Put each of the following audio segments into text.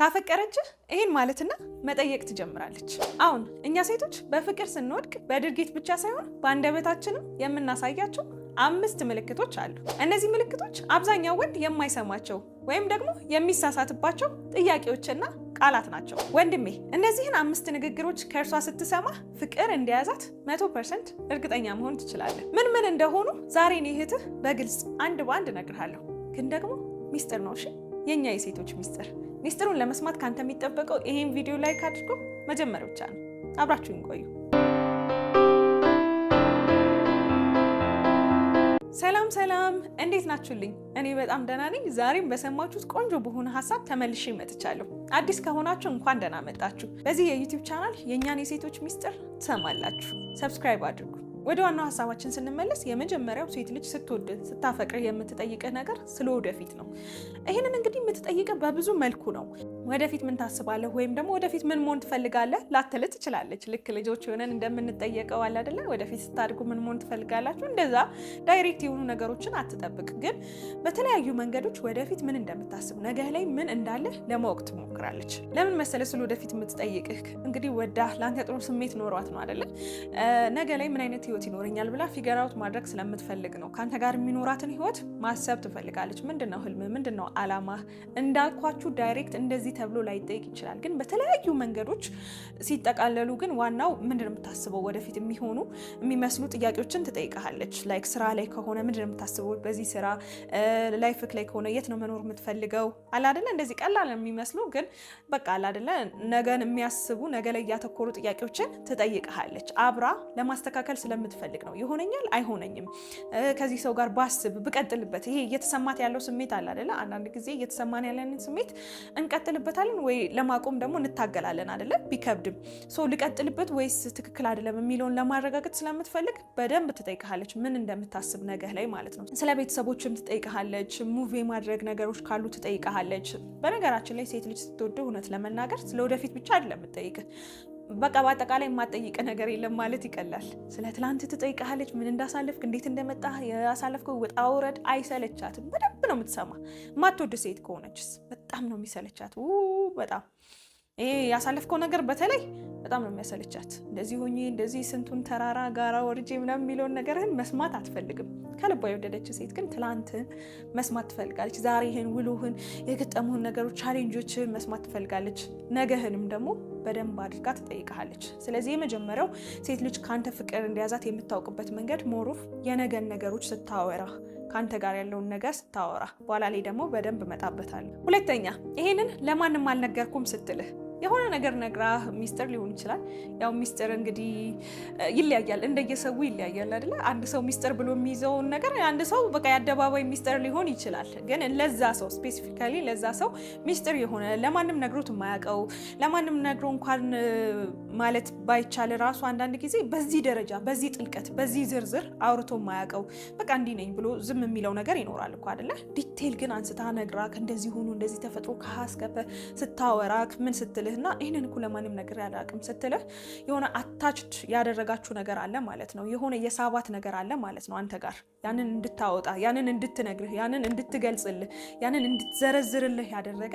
ካፈቀረችህ ይህን ማለትና መጠየቅ ትጀምራለች። አሁን እኛ ሴቶች በፍቅር ስንወድቅ በድርጊት ብቻ ሳይሆን በአንደበታችንም የምናሳያቸው አምስት ምልክቶች አሉ። እነዚህ ምልክቶች አብዛኛው ወንድ የማይሰማቸው ወይም ደግሞ የሚሳሳትባቸው ጥያቄዎችና ቃላት ናቸው። ወንድሜ እነዚህን አምስት ንግግሮች ከእርሷ ስትሰማ ፍቅር እንደያዛት መቶ ፐርሰንት እርግጠኛ መሆን ትችላለህ። ምን ምን እንደሆኑ ዛሬን ይህትህ በግልጽ አንድ በአንድ እነግርሃለሁ። ግን ደግሞ ሚስጥር ነው እሺ? የእኛ የሴቶች ሚስጥር። ሚስጥሩን ለመስማት ካንተ የሚጠበቀው ይሄን ቪዲዮ ላይክ አድርጎ መጀመር ብቻ ነው። አብራችሁን ቆዩ። ሰላም ሰላም፣ እንዴት ናችሁልኝ? እኔ በጣም ደህና ነኝ። ዛሬም በሰማችሁት ቆንጆ በሆነ ሀሳብ ተመልሼ መጥቻለሁ። አዲስ ከሆናችሁ እንኳን ደህና መጣችሁ። በዚህ የዩቲዩብ ቻናል የእኛን የሴቶች ሚስጥር ትሰማላችሁ። ሰብስክራይብ አድርጉ። ወደ ዋናው ሀሳባችን ስንመለስ የመጀመሪያው ሴት ልጅ ስትወድ ስታፈቅር የምትጠይቅህ ነገር ስለ ወደፊት ነው። ይህንን እንግዲህ የምትጠይቅህ በብዙ መልኩ ነው። ወደፊት ምን ታስባለህ? ወይም ደግሞ ወደፊት ምን መሆን ትፈልጋለህ ላትልህ ትችላለች። ልክ ልጆች የሆነን እንደምንጠየቀው አለ አይደለ? ወደፊት ስታድጉ ምን መሆን ትፈልጋላችሁ? እንደዛ ዳይሬክት የሆኑ ነገሮችን አትጠብቅ፣ ግን በተለያዩ መንገዶች ወደፊት ምን እንደምታስብ ነገ ላይ ምን እንዳለ ለማወቅ ትሞክራለች። ለምን መሰለህ ስለ ወደፊት የምትጠይቅህ እንግዲህ ወዳ ለአንተ ጥሩ ስሜት ኖሯት ነው አይደለ? ነገ ላይ ምን አይነት ህይወት ይኖረኛል ብላ ፊገር አውት ማድረግ ስለምትፈልግ ነው። ከአንተ ጋር የሚኖራትን ህይወት ማሰብ ትፈልጋለች። ምንድን ነው ህልም፣ ምንድን ነው አላማ? እንዳልኳችሁ ዳይሬክት እንደዚህ ተብሎ ላይጠይቅ ይችላል፣ ግን በተለያዩ መንገዶች ሲጠቃለሉ ግን ዋናው ምንድን ነው የምታስበው ወደፊት የሚሆኑ የሚመስሉ ጥያቄዎችን ትጠይቀሃለች። ላይክ ስራ ላይ ከሆነ ምንድን ነው የምታስበው በዚህ ስራ ላይፍክ ላይ ከሆነ የት ነው መኖር የምትፈልገው? አላደለ እንደዚህ ቀላል የሚመስሉ ግን በቃ አላደለ ነገን የሚያስቡ ነገ ላይ ያተኮሩ ጥያቄዎችን ትጠይቀሃለች አብራ ለማስተካከል ስለሚ የምትፈልግ ነው። ይሆነኛል አይሆነኝም፣ ከዚህ ሰው ጋር ባስብ ብቀጥልበት፣ ይሄ እየተሰማት ያለው ስሜት አለ አይደለ? አንዳንድ ጊዜ እየተሰማን ያለንን ስሜት እንቀጥልበታለን ወይ ለማቆም ደግሞ እንታገላለን አይደለ? ቢከብድም ሰው ልቀጥልበት ወይስ ትክክል አይደለም የሚለውን ለማረጋገጥ ስለምትፈልግ በደንብ ትጠይቅሃለች፣ ምን እንደምታስብ ነገር ላይ ማለት ነው። ስለ ቤተሰቦችም ትጠይቅሃለች፣ ሙቭ ማድረግ ነገሮች ካሉ ትጠይቅሃለች። በነገራችን ላይ ሴት ልጅ ስትወድ እውነት ለመናገር ስለወደፊት ብቻ አይደለም የምትጠይቅህ በቃ በአጠቃላይ የማጠይቅ ነገር የለም ማለት ይቀላል። ስለ ትላንት ትጠይቀሃለች፣ ምን እንዳሳለፍክ፣ እንዴት እንደመጣ ያሳለፍከው ውጣ ውረድ አይሰለቻትም። በደንብ ነው የምትሰማ። ማትወድ ሴት ከሆነችስ በጣም ነው የሚሰለቻት። በጣም ይሄ ያሳለፍከው ነገር በተለይ በጣም ነው የሚያሰለቻት። እንደዚህ ሆኜ እንደዚህ ስንቱን ተራራ ጋራ ወርጄ ምናምን የሚለውን ነገርህን መስማት አትፈልግም። ከልቧ የወደደች ሴት ግን ትላንትን መስማት ትፈልጋለች። ዛሬህን፣ ውሎህን፣ የገጠሙህን ነገሮች፣ ቻሌንጆችህን መስማት ትፈልጋለች። ነገህንም ደግሞ በደንብ አድርጋ ትጠይቀሃለች። ስለዚህ የመጀመሪያው ሴት ልጅ ከአንተ ፍቅር እንዲያዛት የምታውቅበት መንገድ ሞሩፍ የነገን ነገሮች ስታወራ ከአንተ ጋር ያለውን ነገር ስታወራ፣ በኋላ ላይ ደግሞ በደንብ እመጣበታለሁ። ሁለተኛ ይሄንን ለማንም አልነገርኩም ስትልህ የሆነ ነገር ነግራህ ሚስጥር ሊሆን ይችላል። ያው ሚስጥር እንግዲህ ይለያያል፣ እንደየሰው ይለያያል አይደለ? አንድ ሰው ሚስጥር ብሎ የሚይዘውን ነገር አንድ ሰው በቃ የአደባባይ ሚስጥር ሊሆን ይችላል። ግን ለዛ ሰው ስፔሲፊካሊ ለዛ ሰው ሚስጥር የሆነ ለማንም ነግሮት የማያውቀው ለማንም ነግሮ እንኳን ማለት ባይቻል ራሱ አንዳንድ ጊዜ በዚህ ደረጃ በዚህ ጥልቀት በዚህ ዝርዝር አውርቶ የማያውቀው በቃ እንዲህ ነኝ ብሎ ዝም የሚለው ነገር ይኖራል እኮ አይደለ? ዲቴል ግን አንስታ ነግራክ እንደዚህ ሆኑ እንደዚህ ተፈጥሮ ከሀስከፈ ስታወራክ ምን ስትልህ ትልህና ይህንን እኮ ለማንም ነገር አላውቅም ስትልህ የሆነ አታችድ ያደረጋችሁ ነገር አለ ማለት ነው። የሆነ የሳባት ነገር አለ ማለት ነው አንተ ጋር ያንን እንድታወጣ ያንን እንድትነግርህ ያንን እንድትገልጽልህ ያንን እንድትዘረዝርልህ ያደረገ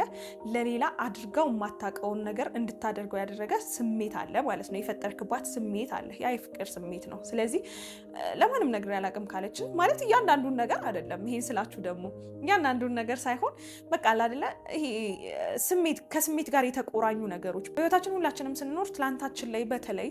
ለሌላ አድርገው የማታውቀውን ነገር እንድታደርገው ያደረገ ስሜት አለ ማለት ነው። የፈጠርክባት ስሜት አለ። ያ የፍቅር ስሜት ነው። ስለዚህ ለማንም ነገር ያላቅም ካለች ማለት እያንዳንዱን ነገር አይደለም። ይሄን ስላችሁ ደግሞ እያንዳንዱን ነገር ሳይሆን በቃ አላደለ ይሄ ስሜት ከስሜት ጋር የተቆራኙ ነገሮች በህይወታችን ሁላችንም ስንኖር ትላንታችን ላይ በተለይ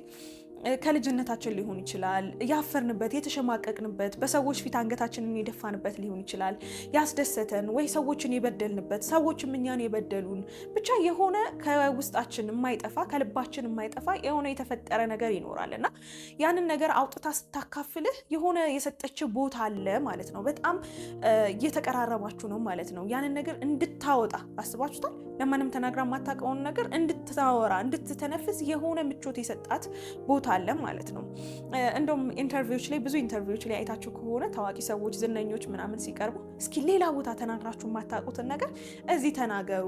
ከልጅነታችን ሊሆን ይችላል፣ ያፈርንበት፣ የተሸማቀቅንበት፣ በሰዎች ፊት አንገታችንን የደፋንበት ሊሆን ይችላል፣ ያስደሰተን ወይ ሰዎችን የበደልንበት፣ ሰዎችም እኛን የበደሉን፣ ብቻ የሆነ ከውስጣችን የማይጠፋ ከልባችን የማይጠፋ የሆነ የተፈጠረ ነገር ይኖራል እና ያንን ነገር አውጥታ ስታካፍልህ የሆነ የሰጠች ቦታ አለ ማለት ነው። በጣም እየተቀራረባችሁ ነው ማለት ነው። ያንን ነገር እንድታወጣ አስባችሁታል። ለማንም ተናግራ የማታውቀውን ነገር እንድታወራ እንድትተነፍስ የሆነ ምቾት የሰጣት ቦታ ታለ ማለት ነው። እንደውም ኢንተርቪዎች ላይ ብዙ ኢንተርቪዎች ላይ አይታችሁ ከሆነ ታዋቂ ሰዎች ዝነኞች ምናምን ሲቀርቡ እስኪ ሌላ ቦታ ተናግራችሁ የማታውቁትን ነገር እዚህ ተናገሩ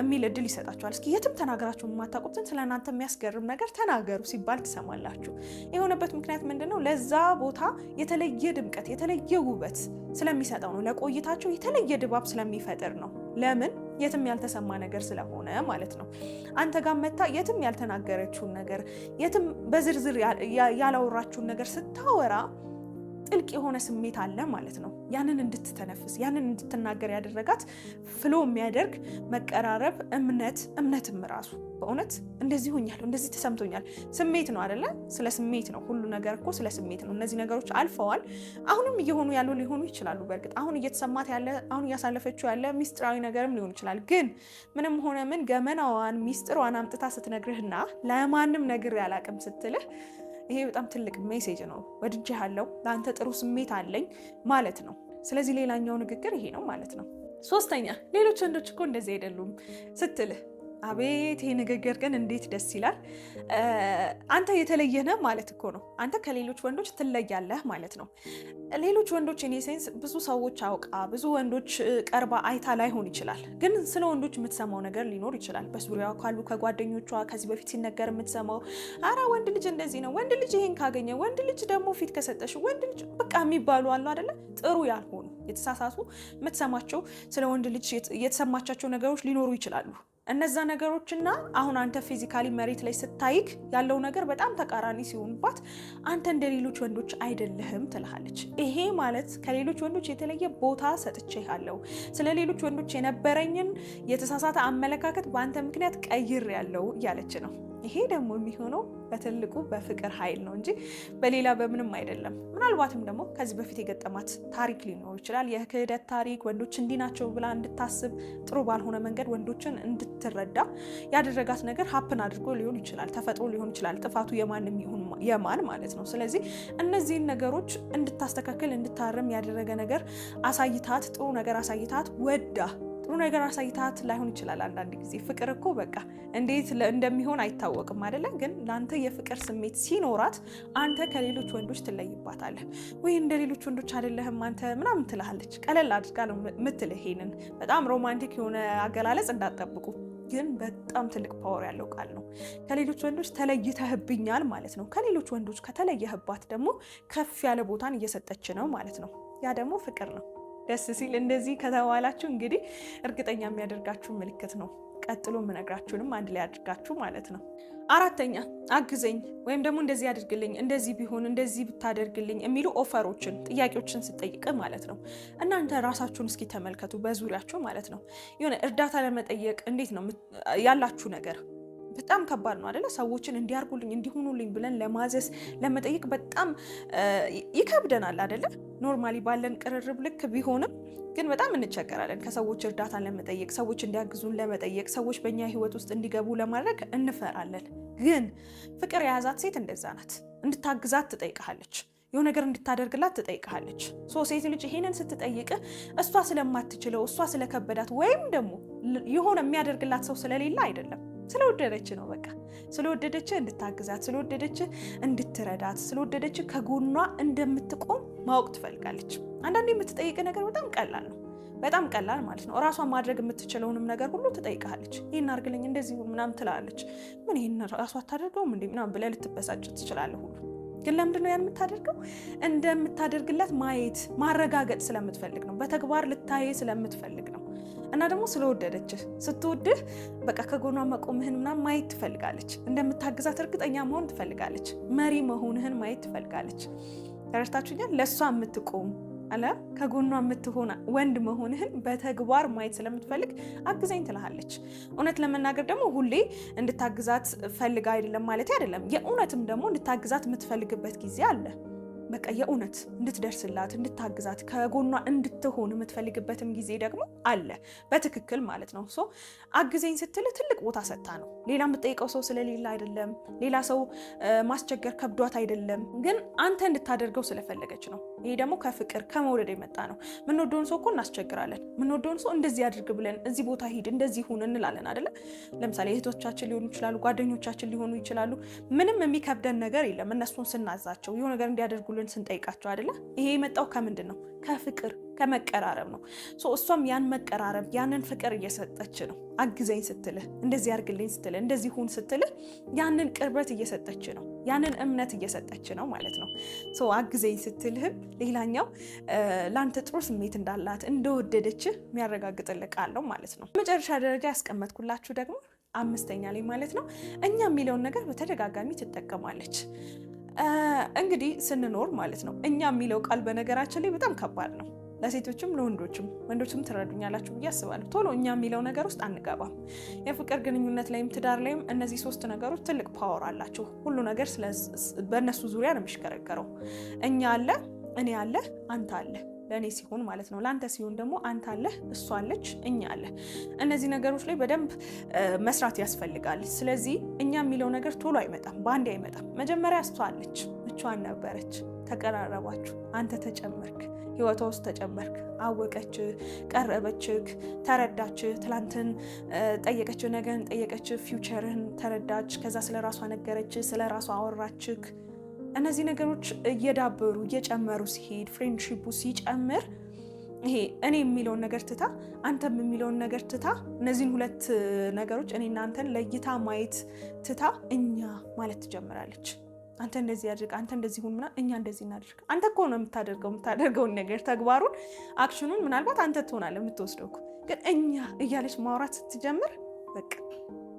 የሚል እድል ይሰጣችኋል። እስኪ የትም ተናግራችሁ የማታውቁትን እናንተ የሚያስገርም ነገር ተናገሩ ሲባል ትሰማላችሁ። የሆነበት ምክንያት ምንድን ነው? ለዛ ቦታ የተለየ ድምቀት፣ የተለየ ውበት ስለሚሰጠው ነው። ለቆይታቸው የተለየ ድባብ ስለሚፈጥር ነው። ለምን የትም ያልተሰማ ነገር ስለሆነ ማለት ነው። አንተ ጋር መታ የትም ያልተናገረችውን ነገር የትም በዝርዝር ያላወራችሁን ነገር ስታወራ ጥልቅ የሆነ ስሜት አለ ማለት ነው። ያንን እንድትተነፍስ ያንን እንድትናገር ያደረጋት ፍሎ የሚያደርግ መቀራረብ፣ እምነት እምነትም ራሱ በእውነት እንደዚህ ሆኛለሁ፣ እንደዚህ ተሰምቶኛል። ስሜት ነው አደለ? ስለ ስሜት ነው ሁሉ ነገር እኮ ስለ ስሜት ነው። እነዚህ ነገሮች አልፈዋል። አሁንም እየሆኑ ያሉ ሊሆኑ ይችላሉ። በእርግጥ አሁን እየተሰማት ያለ አሁን እያሳለፈችው ያለ ሚስጥራዊ ነገርም ሊሆን ይችላል። ግን ምንም ሆነ ምን ገመናዋን ሚስጥሯን አምጥታ ስትነግርህና ለማንም ነግሬ አላቅም ስትልህ ይሄ በጣም ትልቅ ሜሴጅ ነው። ወድጄሃለሁ፣ ለአንተ ጥሩ ስሜት አለኝ ማለት ነው። ስለዚህ ሌላኛው ንግግር ይሄ ነው ማለት ነው። ሶስተኛ ሌሎች ወንዶች እኮ እንደዚህ አይደሉም ስትልህ አቤት ይሄ ንግግር ግን እንዴት ደስ ይላል! አንተ የተለየ ነህ ማለት እኮ ነው። አንተ ከሌሎች ወንዶች ትለያለህ ማለት ነው። ሌሎች ወንዶች እኔ ሴንስ ብዙ ሰዎች አውቃ ብዙ ወንዶች ቀርባ አይታ ላይሆን ይችላል፣ ግን ስለ ወንዶች የምትሰማው ነገር ሊኖር ይችላል። በዙሪያዋ ካሉ ከጓደኞቿ ከዚህ በፊት ሲነገር የምትሰማው አረ ወንድ ልጅ እንደዚህ ነው፣ ወንድ ልጅ ይሄን ካገኘ፣ ወንድ ልጅ ደግሞ ፊት ከሰጠሽ፣ ወንድ ልጅ በቃ የሚባሉ አሉ አደለ? ጥሩ ያልሆኑ የተሳሳቱ የምትሰማቸው ስለ ወንድ ልጅ የተሰማቻቸው ነገሮች ሊኖሩ ይችላሉ። እነዛ ነገሮችና አሁን አንተ ፊዚካሊ መሬት ላይ ስታይክ ያለው ነገር በጣም ተቃራኒ ሲሆንባት አንተ እንደ ሌሎች ወንዶች አይደለህም ትልሃለች። ይሄ ማለት ከሌሎች ወንዶች የተለየ ቦታ ሰጥቼሃለሁ፣ ስለ ሌሎች ወንዶች የነበረኝን የተሳሳተ አመለካከት በአንተ ምክንያት ቀይር ያለው እያለች ነው። ይሄ ደግሞ የሚሆነው በትልቁ በፍቅር ኃይል ነው እንጂ በሌላ በምንም አይደለም። ምናልባትም ደግሞ ከዚህ በፊት የገጠማት ታሪክ ሊኖር ይችላል። የክህደት ታሪክ ወንዶች እንዲህ ናቸው ብላ እንድታስብ ጥሩ ባልሆነ መንገድ ወንዶችን እንድትረዳ ያደረጋት ነገር ሀፕን አድርጎ ሊሆን ይችላል፣ ተፈጥሮ ሊሆን ይችላል። ጥፋቱ የማንም ይሁን የማን ማለት ነው። ስለዚህ እነዚህን ነገሮች እንድታስተካክል እንድታርም ያደረገ ነገር አሳይታት፣ ጥሩ ነገር አሳይታት ወዳ ጥሩ ነገር አሳይታት ላይሆን ይችላል። አንዳንድ ጊዜ ፍቅር እኮ በቃ እንዴት እንደሚሆን አይታወቅም አይደለም ግን ለአንተ የፍቅር ስሜት ሲኖራት አንተ ከሌሎች ወንዶች ትለይባታለህ። ወይ እንደ ሌሎች ወንዶች አይደለህም አንተ ምናምን ትልሃለች። ቀለል አድርጋ ነው ምትል። ይሄንን በጣም ሮማንቲክ የሆነ አገላለጽ እንዳጠብቁ ግን በጣም ትልቅ ፓወር ያለው ቃል ነው። ከሌሎች ወንዶች ተለይተህብኛል ማለት ነው። ከሌሎች ወንዶች ከተለየህባት ደግሞ ከፍ ያለ ቦታን እየሰጠች ነው ማለት ነው። ያ ደግሞ ፍቅር ነው። ደስ ሲል እንደዚህ ከተባላችሁ እንግዲህ እርግጠኛ የሚያደርጋችሁ ምልክት ነው። ቀጥሎ የምነግራችሁንም አንድ ላይ አድርጋችሁ ማለት ነው። አራተኛ አግዘኝ ወይም ደግሞ እንደዚህ አድርግልኝ፣ እንደዚህ ቢሆን፣ እንደዚህ ብታደርግልኝ የሚሉ ኦፈሮችን፣ ጥያቄዎችን ስጠይቅ ማለት ነው። እናንተ ራሳችሁን እስኪ ተመልከቱ፣ በዙሪያችሁ ማለት ነው። የሆነ እርዳታ ለመጠየቅ እንዴት ነው ያላችሁ ነገር በጣም ከባድ ነው አደለ? ሰዎችን እንዲያርጉልኝ እንዲሆኑልኝ ብለን ለማዘዝ ለመጠየቅ በጣም ይከብደናል አደለ? ኖርማሊ ባለን ቅርርብ ልክ ቢሆንም ግን በጣም እንቸገራለን። ከሰዎች እርዳታን ለመጠየቅ ሰዎች እንዲያግዙን ለመጠየቅ ሰዎች በእኛ ህይወት ውስጥ እንዲገቡ ለማድረግ እንፈራለን። ግን ፍቅር የያዛት ሴት እንደዛ ናት። እንድታግዛት ትጠይቅሃለች። የሆነ ነገር እንድታደርግላት ትጠይቅሃለች። ሶ ሴት ልጅ ይሄንን ስትጠይቅ እሷ ስለማትችለው እሷ ስለከበዳት ወይም ደግሞ የሆነ የሚያደርግላት ሰው ስለሌለ አይደለም ስለወደደች ነው። በቃ ስለወደደች እንድታግዛት፣ ስለወደደች እንድትረዳት፣ ስለወደደች ከጎኗ እንደምትቆም ማወቅ ትፈልጋለች። አንዳንዱ የምትጠይቅ ነገር በጣም ቀላል ነው። በጣም ቀላል ማለት ነው። እራሷን ማድረግ የምትችለውንም ነገር ሁሉ ትጠይቃለች። ይህን አርግልኝ፣ እንደዚህ ምናምን ትላለች። ምን ይህን ራሷ አታደርገውም እንዲ ምናምን ብለህ ልትበሳጭ ትችላለህ ሁሉ ግን ለምንድን ነው ያን የምታደርገው? እንደምታደርግለት ማየት ማረጋገጥ ስለምትፈልግ ነው። በተግባር ልታየ ስለምትፈልግ ነው። እና ደግሞ ስለወደደችህ ስትወድህ በቃ ከጎኗ መቆምህን ምናምን ማየት ትፈልጋለች። እንደምታግዛት እርግጠኛ መሆን ትፈልጋለች። መሪ መሆንህን ማየት ትፈልጋለች። ተረድታችሁኛል? ለእሷ የምትቆም አለ ከጎኗ የምትሆን ወንድ መሆንህን በተግባር ማየት ስለምትፈልግ አግዘኝ ትልሃለች። እውነት ለመናገር ደግሞ ሁሌ እንድታግዛት ፈልግ አይደለም ማለት አይደለም። የእውነትም ደግሞ እንድታግዛት የምትፈልግበት ጊዜ አለ። በቃ የእውነት እንድትደርስላት እንድታግዛት ከጎኗ እንድትሆን የምትፈልግበትም ጊዜ ደግሞ አለ በትክክል ማለት ነው። ሶ አግዘኝ ስትል ትልቅ ቦታ ሰጥታ ነው። ሌላ የምትጠይቀው ሰው ስለሌለ አይደለም፣ ሌላ ሰው ማስቸገር ከብዷት አይደለም፣ ግን አንተ እንድታደርገው ስለፈለገች ነው። ይሄ ደግሞ ከፍቅር ከመውደድ የመጣ ነው። ምንወደውን ሰው እኮ እናስቸግራለን። ምንወደውን ሰው እንደዚህ አድርግ ብለን እዚህ ቦታ ሂድ፣ እንደዚህ ሁን እንላለን አይደለ? ለምሳሌ እህቶቻችን ሊሆኑ ይችላሉ፣ ጓደኞቻችን ሊሆኑ ይችላሉ። ምንም የሚከብደን ነገር የለም እነሱን ስናዛቸው የሆነ ነገር እንዲያደርጉልን ብለን ስንጠይቃቸው አይደለ ይሄ የመጣው ከምንድን ነው? ከፍቅር ከመቀራረብ ነው። እሷም ያን መቀራረብ ያንን ፍቅር እየሰጠች ነው። አግዘኝ ስትልህ፣ እንደዚህ አርግልኝ ስትልህ፣ እንደዚህ ሁን ስትልህ ያንን ቅርበት እየሰጠች ነው። ያንን እምነት እየሰጠች ነው ማለት ነው። አግዘኝ ስትልህም ሌላኛው ለአንተ ጥሩ ስሜት እንዳላት እንደወደደች የሚያረጋግጥልህ ቃል ነው ማለት ነው። መጨረሻ ደረጃ ያስቀመጥኩላችሁ ደግሞ አምስተኛ ላይ ማለት ነው እኛ የሚለውን ነገር በተደጋጋሚ ትጠቀማለች። እንግዲህ ስንኖር ማለት ነው እኛ የሚለው ቃል በነገራችን ላይ በጣም ከባድ ነው ለሴቶችም ለወንዶችም። ወንዶችም ትረዱኛላችሁ ብዬ አስባለሁ። ቶሎ እኛ የሚለው ነገር ውስጥ አንገባም። የፍቅር ግንኙነት ላይም ትዳር ላይም እነዚህ ሶስት ነገሮች ትልቅ ፓወር አላቸው። ሁሉ ነገር በእነሱ ዙሪያ ነው የሚሽከረከረው። እኛ አለ፣ እኔ አለ፣ አንተ አለ ለእኔ ሲሆን ማለት ነው። ለአንተ ሲሆን ደግሞ አንተ አለህ፣ እሷ አለች፣ እኛ አለ። እነዚህ ነገሮች ላይ በደንብ መስራት ያስፈልጋል። ስለዚህ እኛ የሚለው ነገር ቶሎ አይመጣም፣ በአንዴ አይመጣም። መጀመሪያ እሷ አለች፣ ብቻዋን ነበረች፣ ተቀራረባችሁ፣ አንተ ተጨመርክ ህይወቷ ውስጥ ተጨመርክ። አወቀች፣ ቀረበች ተረዳች። ትላንትን ጠየቀች፣ ነገን ጠየቀች፣ ፊውቸርን ተረዳች። ከዛ ስለ ራሷ ነገረች፣ ስለ ራሷ አወራችክ። እነዚህ ነገሮች እየዳበሩ እየጨመሩ ሲሄድ ፍሬንድሺፑ ሲጨምር ይሄ እኔ የሚለውን ነገር ትታ አንተም የሚለውን ነገር ትታ እነዚህን ሁለት ነገሮች እኔ እናንተን ለይታ ማየት ትታ እኛ ማለት ትጀምራለች። አንተ እንደዚህ አድርግ፣ አንተ እንደዚህ ሁን፣ እኛ እንደዚህ እናድርግ። አንተ እኮ ነው የምታደርገው የምታደርገውን ነገር ተግባሩን፣ አክሽኑን ምናልባት አንተ ትሆናለህ የምትወስደው፣ ግን እኛ እያለች ማውራት ስትጀምር በቃ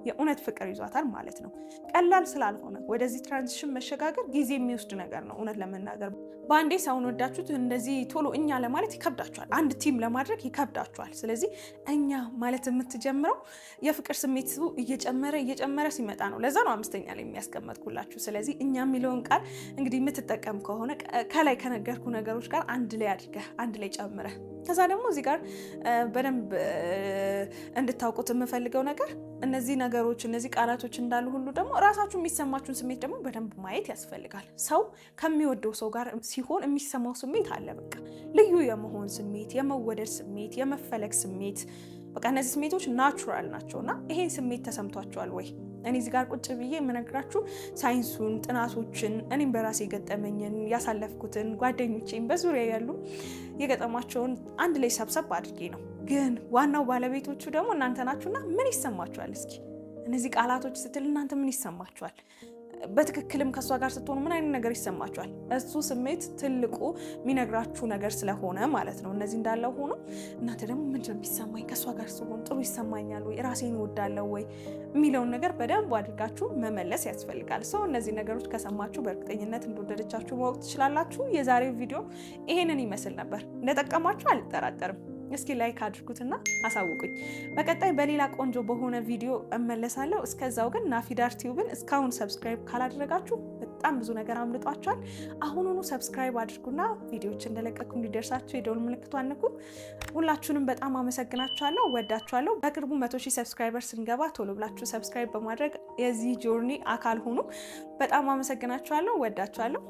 የእውነት ፍቅር ይዟታል ማለት ነው። ቀላል ስላልሆነ ወደዚህ ትራንዚሽን መሸጋገር ጊዜ የሚወስድ ነገር ነው። እውነት ለመናገር በአንዴ ሰውን ወዳችሁት እንደዚህ ቶሎ እኛ ለማለት ይከብዳችኋል። አንድ ቲም ለማድረግ ይከብዳችኋል። ስለዚህ እኛ ማለት የምትጀምረው የፍቅር ስሜት እየጨመረ እየጨመረ ሲመጣ ነው። ለዛ ነው አምስተኛ ላይ የሚያስቀመጥኩላችሁ። ስለዚህ እኛ የሚለውን ቃል እንግዲህ የምትጠቀም ከሆነ ከላይ ከነገርኩ ነገሮች ጋር አንድ ላይ አድርገህ አንድ ላይ ጨምረህ ከዛ ደግሞ እዚህ ጋር በደንብ እንድታውቁት የምፈልገው ነገር እነዚህ ነገሮች እነዚህ ቃላቶች እንዳሉ ሁሉ ደግሞ ራሳችሁ የሚሰማችሁን ስሜት ደግሞ በደንብ ማየት ያስፈልጋል። ሰው ከሚወደው ሰው ጋር ሲሆን የሚሰማው ስሜት አለ። በቃ ልዩ የመሆን ስሜት፣ የመወደድ ስሜት፣ የመፈለግ ስሜት፣ በቃ እነዚህ ስሜቶች ናቹራል ናቸውእና ይሄን ስሜት ተሰምቷቸዋል ወይ? እኔ እዚህ ጋር ቁጭ ብዬ የምነግራችሁ ሳይንሱን፣ ጥናቶችን፣ እኔም በራሴ የገጠመኝን ያሳለፍኩትን፣ ጓደኞቼን በዙሪያ ያሉ የገጠማቸውን አንድ ላይ ሰብሰብ አድርጌ ነው። ግን ዋናው ባለቤቶቹ ደግሞ እናንተ ናችሁና ምን ይሰማችኋል? እስኪ እነዚህ ቃላቶች ስትል እናንተ ምን ይሰማችኋል? በትክክልም ከእሷ ጋር ስትሆኑ ምን አይነት ነገር ይሰማችኋል? እሱ ስሜት ትልቁ የሚነግራችሁ ነገር ስለሆነ ማለት ነው። እነዚህ እንዳለው ሆኖ እናንተ ደግሞ ምንድነው የሚሰማኝ ከእሷ ጋር ስሆን ጥሩ ይሰማኛል ወይ ራሴን እወዳለሁ ወይ የሚለውን ነገር በደንብ አድርጋችሁ መመለስ ያስፈልጋል። ሰው እነዚህ ነገሮች ከሰማችሁ በእርግጠኝነት እንደወደደቻችሁ ማወቅ ትችላላችሁ። የዛሬው ቪዲዮ ይሄንን ይመስል ነበር። እንደጠቀማችሁ አልጠራጠርም። እስኪ ላይክ አድርጉትና አሳውቁኝ። በቀጣይ በሌላ ቆንጆ በሆነ ቪዲዮ እመለሳለሁ። እስከዛው ግን ናፊዳር ቲዩብን እስካሁን ሰብስክራይብ ካላደረጋችሁ በጣም ብዙ ነገር አምልጧቸዋል። አሁኑኑ ሰብስክራይብ አድርጉና ቪዲዮዎች እንደለቀኩ እንዲደርሳችሁ የደውል ምልክቱ አንኩ። ሁላችሁንም በጣም አመሰግናችኋለሁ፣ ወዳችኋለሁ። በቅርቡ መቶ ሺህ ሰብስክራይበር ስንገባ ቶሎ ብላችሁ ሰብስክራይብ በማድረግ የዚህ ጆርኒ አካል ሁኑ። በጣም አመሰግናችኋለሁ፣ ወዳችኋለሁ።